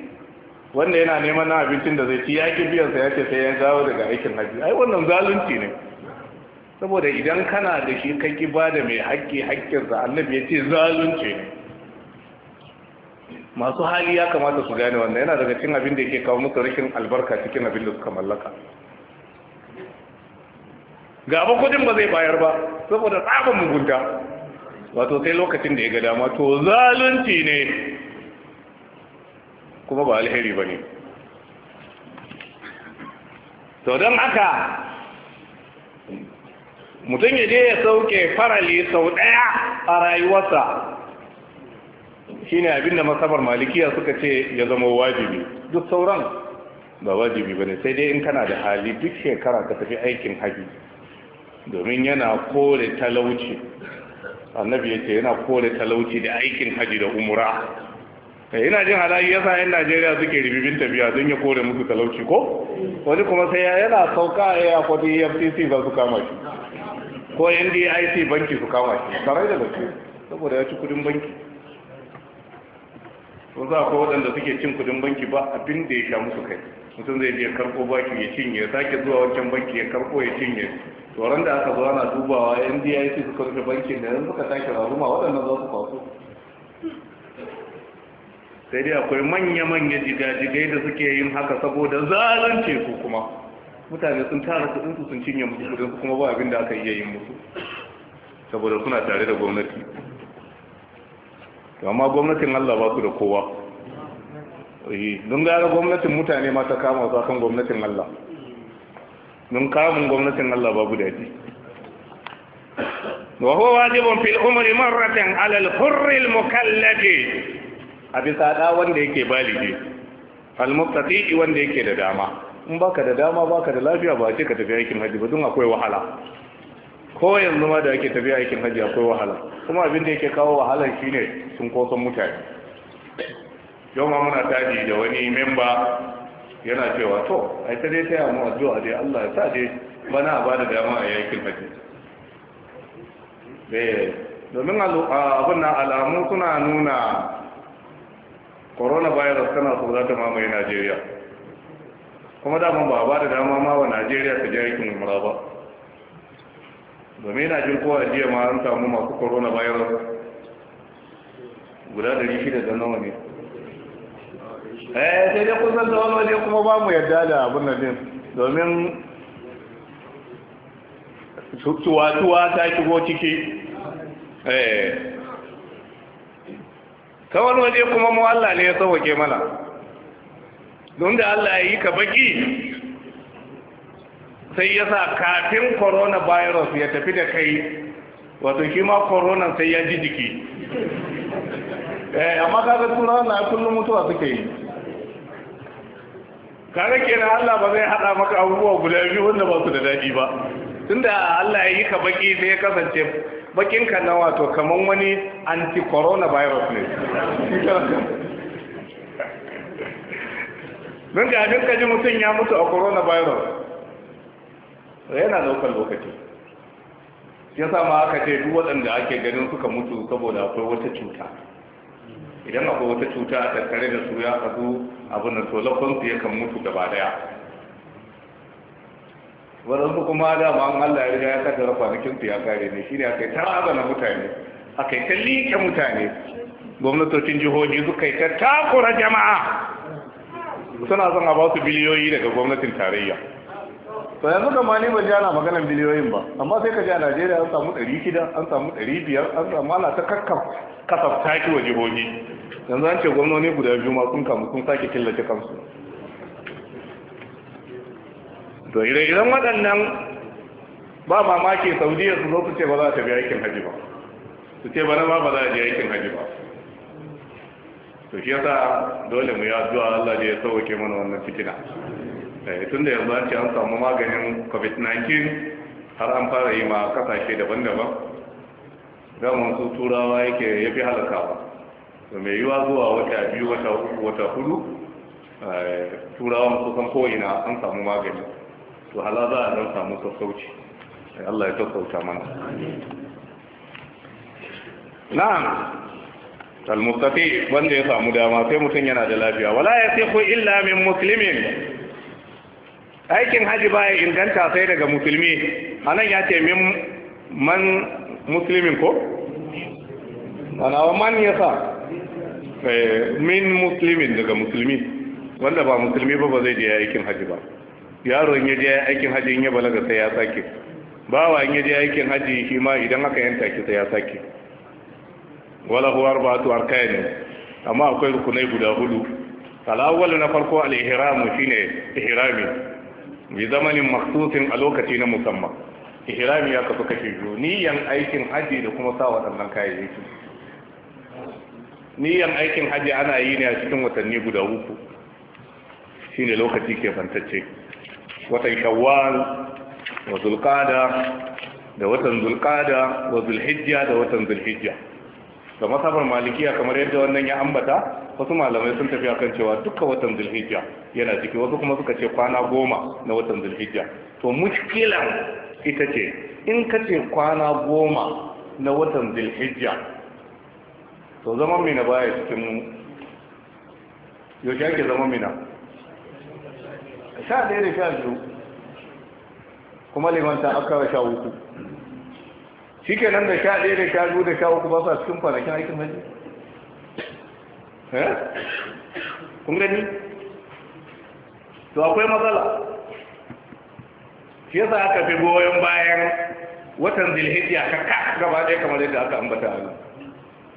wanda yana neman na abincin da zai ci ya biyansa ya ce sai ya dawo daga aikin haji ai wannan zalunci ne saboda idan kana da shi ka ki ba da mai haƙƙi haƙƙinsa annabi ya ce zalunci ne masu hali ya kamata su gane wannan yana daga cin abin da yake kawo musu rashin albarka cikin abin da suka mallaka Ga gaba kudin ba zai bayar ba saboda tsaban mugunta wato sai lokacin da ya ga dama to zalunci ne kuma ba alheri ba ne to don aka mutum ya je ya sauke farali sau ɗaya a rayuwarsa shine abinda masabar malikiya suka ce ya zama wajibi duk sauran ba wajibi ba ne sai dai in kana da hali duk shekara ka tafi aikin haji domin yana kore talauci annabi ya ce yana kore talauci da aikin haji da umura Eh, ina jin halayi yasa yan Najeriya suke ribibin tafiya don ya kore musu talauci ko wani kuma sai ya yana sauka a ya kwadi FCC za su kama shi ko NDIC banki su kama shi sarai da gaske saboda ya ci kudin banki sun za ko waɗanda suke cin kudin banki ba abin da ya sha musu kai mutum zai je karko baki ya cinye ya sake zuwa wancan banki ya karko ya cinye tsoron da aka zo ana dubawa NDIC suka rufe bankin da yanzu suka sake raruma waɗanda za su kwaso sai dai akwai manya-manya jigajigai da suke yin haka saboda zalunce ku kuma mutane sun tara kudin su sun cinye musu kudin su kuma ba abin da aka iya yin musu saboda suna tare da gwamnati to amma gwamnatin Allah ba su da kowa eh, don gara gwamnatin mutane ma ta kama su akan gwamnatin Allah don kamun gwamnatin Allah babu daji wa huwa wajibun fil umri marratan ala al-hurr al-mukallaf a bisa da wanda yake balige almuqtati wanda yake da dama in baka da dama baka da lafiya ba ce ka tafi aikin haji ba don akwai wahala ko yanzu ma da ake tafi aikin haji akwai wahala kuma abin da yake kawo wahala shine sun koson mutane yau ma muna taji da wani memba yana cewa to ai ta dai sai mu addu'a dai Allah ya sa dai bana ba da dama a yakin haji eh, domin abin na alamu suna nuna coronavirus tana so za ta mamaye najeriya kuma daman ba ba da dama ma wa najeriya ta ji aikin ba domin yana jin kowa jiya ma an samu masu coronavirus guda 600 da nawa ne eh sai dai kusan da wani waje kuma ba mu yarda da abin na din domin tuwa-tuwa ta shigo ciki eh ta wani waje kuma mu Allah ne ya sauke mana don da Allah ya yi ka baki sai ya sa kafin coronavirus ya tafi da kai wato shi ma corona sai ya ji jiki eh amma kaga tura na kullum mutuwa suke yi kare kenan Allah ba zai hada maka abubuwa guda biyu wanda ba su da daɗi ba tunda Allah ya yi ka baki sai ya kasance ka na wato kaman wani anti-coronavirus ne mun ga abin kaji mutum ya mutu a coronavirus yana daukar lokaci ya sa ma aka ce duk waɗanda ake ganin suka mutu saboda akwai wata cuta idan akwai wata cuta a tattare da su ya kasu abin da tolakon su yakan mutu gaba daya waɗansu kuma ma an Allah ya riga ya kaddara kwanakin su ya kare ne shine aka yi ta na mutane aka yi ta liƙe mutane gwamnatocin jihohi suka yi ta takura jama'a suna son a ba su biliyoyi daga gwamnatin tarayya to yanzu ga ni ban jana maganar biliyoyin ba amma sai ka ji a Najeriya an samu ɗari shida an samu ɗari biyar an samu ana ta kakkaf kasafta ki wa jihohi yanzu an ce gwamnoni guda biyu ma sun kamu sun sake killace kansu to ire-iren waɗannan ba mamaki saudiya su zo su ce ba za ta bi aikin haji ba su ce bana ma ba za a je aikin haji ba to shi yasa dole mu yi addu'a Allah da ya sauke mana wannan fitina eh, tun da yanzu an ce an samu maganin covid-19 har an fara yi ma kasashe daban-daban daman su turawa yake ya fi halakawa to mai yiwa zuwa wata biyu wata hudu eh, turawa su san ko'ina an samu maganin. to hala za a dan samu sai Allah ya sassauta mana na'am al-mustafi wanda ya samu dama sai mutum yana da lafiya wala ya ku illa min muslimin aikin haji baya inganta sai daga musulmi anan ya ce min man muslimin ko ana man yasa eh, min muslimin daga musulmi wanda ba musulmi ba ba zai je aikin haji ba yaron ya je aikin haji in ya balaga sai ya sake bawa in ya je aikin haji shi ma idan aka yanta ki sai ya sake wala huwa arba'atu arkan amma akwai rukunai guda hudu al na farko al-ihram shine ihrami bi zamanin makhsusin a lokaci na musamman ihrami ya kafa kashe biyu niyan aikin haji da kuma sa waɗannan kayayyaki niyan aikin haji ana yi ne a cikin watanni guda uku shine lokaci ke fantacce watan shawwal wa zulqada da watan zulqada wa zulhijja da watan zulhijja da masabar malikiya kamar yadda wannan ya ambata wasu malamai sun tafi akan cewa duka watan zulhijja yana ciki wasu kuma suka ce kwana goma na watan zulhijja to mushkilan ita ce in ka ce kwana goma na watan zulhijja to zaman mina baya cikin yaushe ake zaman mina sha ɗaya da sha biyu kuma limanta aka sha uku shi ke nan da sha ɗaya da sha biyu da sha uku ba su a cikin kwanakin aikin hajji eh? kun gani to akwai matsala shi yasa aka fi goyon bayan watan zilhijja ka ka gaba ɗaya kamar yadda aka ambata a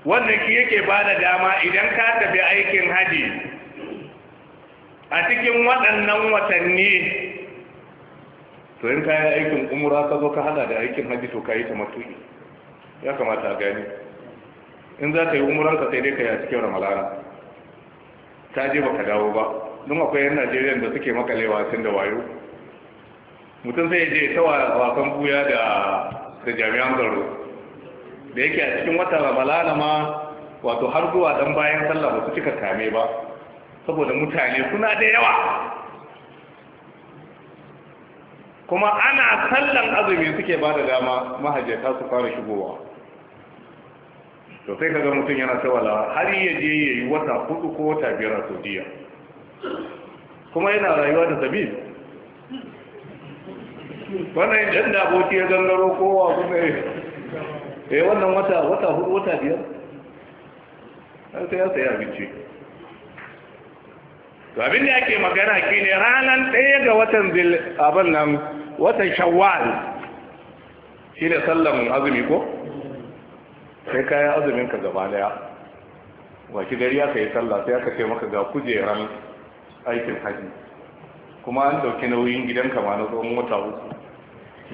wannan ki yake ba da dama idan ka tafi aikin hajji a cikin waɗannan watanni to in kayan aikin umura ka zo ka hada da aikin hajji to ka yi ta ya kamata a gani in za ka yi ka sai dai ka yi a cikin ramalana ta je baka dawo ba don akwai yan najeriya da suke makalewa tun da wayo mutum sai je ta wakan buya da da jami'an tsaro da yake a cikin wata ramalana ma wato har zuwa dan bayan sallah ba su cika kame ba saboda mutane suna da yawa kuma ana sallan azumi suke ba da dama mahajjata su fara shigowa to sai kaga mutum yana tawala har ya je ya yi wata hudu ko wata biyar a saudiya kuma yana rayuwa da sabi wannan idan da aboki ya gangaro kowa kuma ya yi. Eh, wannan wata hudu wata biyar sai ya sayi abinci to abin da yake magana shine ranan ɗaya ga watan zil abin nan watan shawwal shine sallan azumi ko sai kayan azumin ka gaba daya shi gari aka yi sallah sai aka ce maka ga kujeran aikin haji kuma an dauki nauyin gidanka ma na tsawon wata uku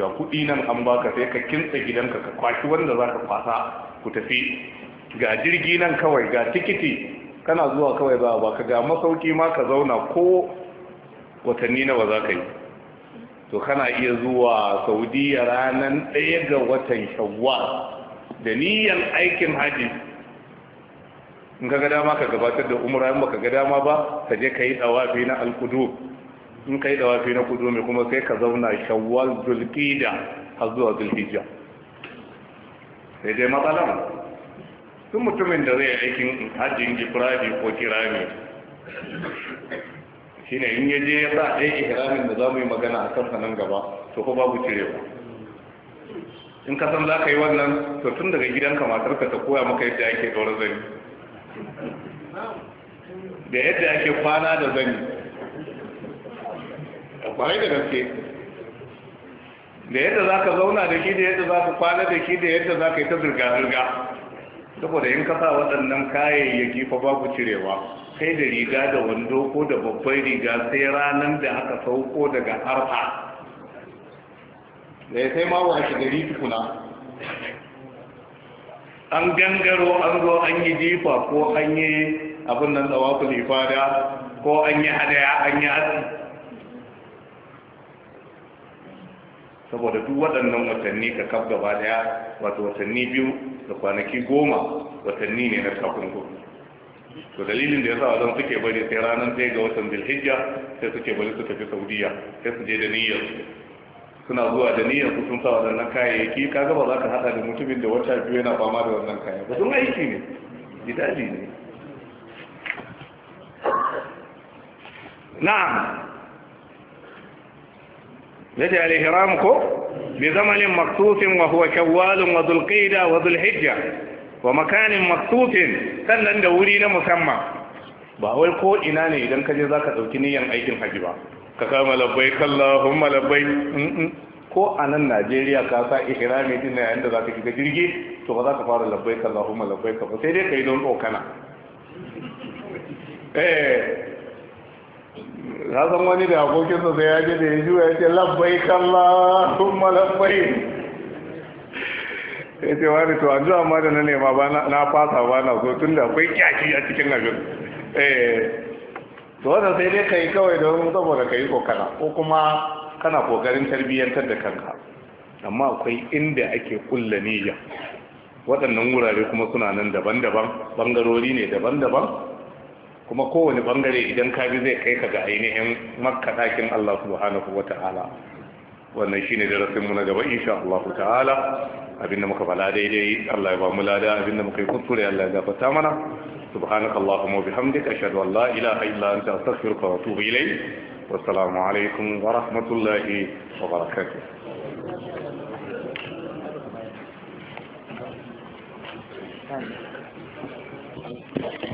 ga kuɗi nan an baka sai ka kintsa gidanka ka kwashi wanda za ka kwasa ku tafi ga jirgi nan kawai ga tikiti kana zuwa kawai za a ba ka ga masauki ma ka zauna ko watanni na ba za ka yi to kana iya zuwa saudiya ranar ɗaya ga watan shawwa da niyan aikin haji in ka ga dama ka gabatar da umra in ka ga dama ba ka je ka yi dawafi na alkudu in ka yi dawafi na kudu mai kuma sai ka zauna shawwal zulkida har zuwa zulhijja sai dai matsalan sun mutumin da zai aikin inji ifradi ko kirami shi ne in yaje ya sa ɗaya ihramin da za mu yi magana a kansa nan gaba to ko babu cire ba in kasan za ka yi wannan to tun daga gidanka matarka ta koya maka yadda ake ɗora zani da yadda ake kwana da zani a kwarai da gaske da yadda za ka zauna da shi da yadda za ka kwana da shi da yadda za ka yi ta zirga-zirga saboda in kasa waɗannan kayayyaki fa babu cirewa kai da riga da wando ko da babbar riga sai ranar da aka sauko daga arha da ya sai mawa shi gari tukuna an gangaro an zo an yi jifa ko an yi abin nan ku lifada ko an yi hadaya an yi hatsi saboda duk waɗannan watanni ka kaf gaba daya wato watanni biyu da kwanaki goma watanni ne na takunku to dalilin da ya sa wajen suke bari sai ranar ɗaya ga watan bilhijja sai suke bari su tafi saudiya sai su je da niyyar suna zuwa da niyyar su sun sa waɗannan kayayyaki ka gaba za ka haɗa da mutumin da wata biyu yana fama da wannan kaya ba sun aiki ne gidaji ne na'am ya al alihiram ko بزمن مخصوص وهو شوال وذو القيدة وذو الحجة ومكان مخصوص سنن دورين مسمى ba wai ko ina ne idan ka je zaka dauki niyyar aikin haji ba ka ko a nan Najeriya ka sa ihrami din yayin da zaka shiga jirgi to ba za ka fara labbai kallahumma labbai ka ba sai dai kai don okana eh na san wani da abokinsa sai ya ji da ya juya ya ce labbai kalla sun malabbai ya ce wani to an zuwa amma da na nema ba na fasa ba na so tun da akwai kyaki a cikin abin eh, to wanda sai dai ka yi kawai wani saboda ka yi kokana ko kuma kana kokarin tarbiyyantar da kanka amma akwai inda ake kulla niyya waɗannan wurare kuma suna nan daban-daban bangarori ne daban-daban kuma kowane bangare idan ka bi zai kai ka ga ainihin makadakin ɗakin Allah subhanahu wa ta'ala wannan shine darasinmu na gaba insha Allah ta'ala abinda muka fala daidai Allah ya ba mu lada abinda muka yi kuskure Allah ya gafarta mana subhanaka allahumma wa bihamdika ashhadu an la ilaha illa anta astaghfiruka wa atubu ilayk wa assalamu alaikum wa rahmatullahi wa barakatuh Thank you.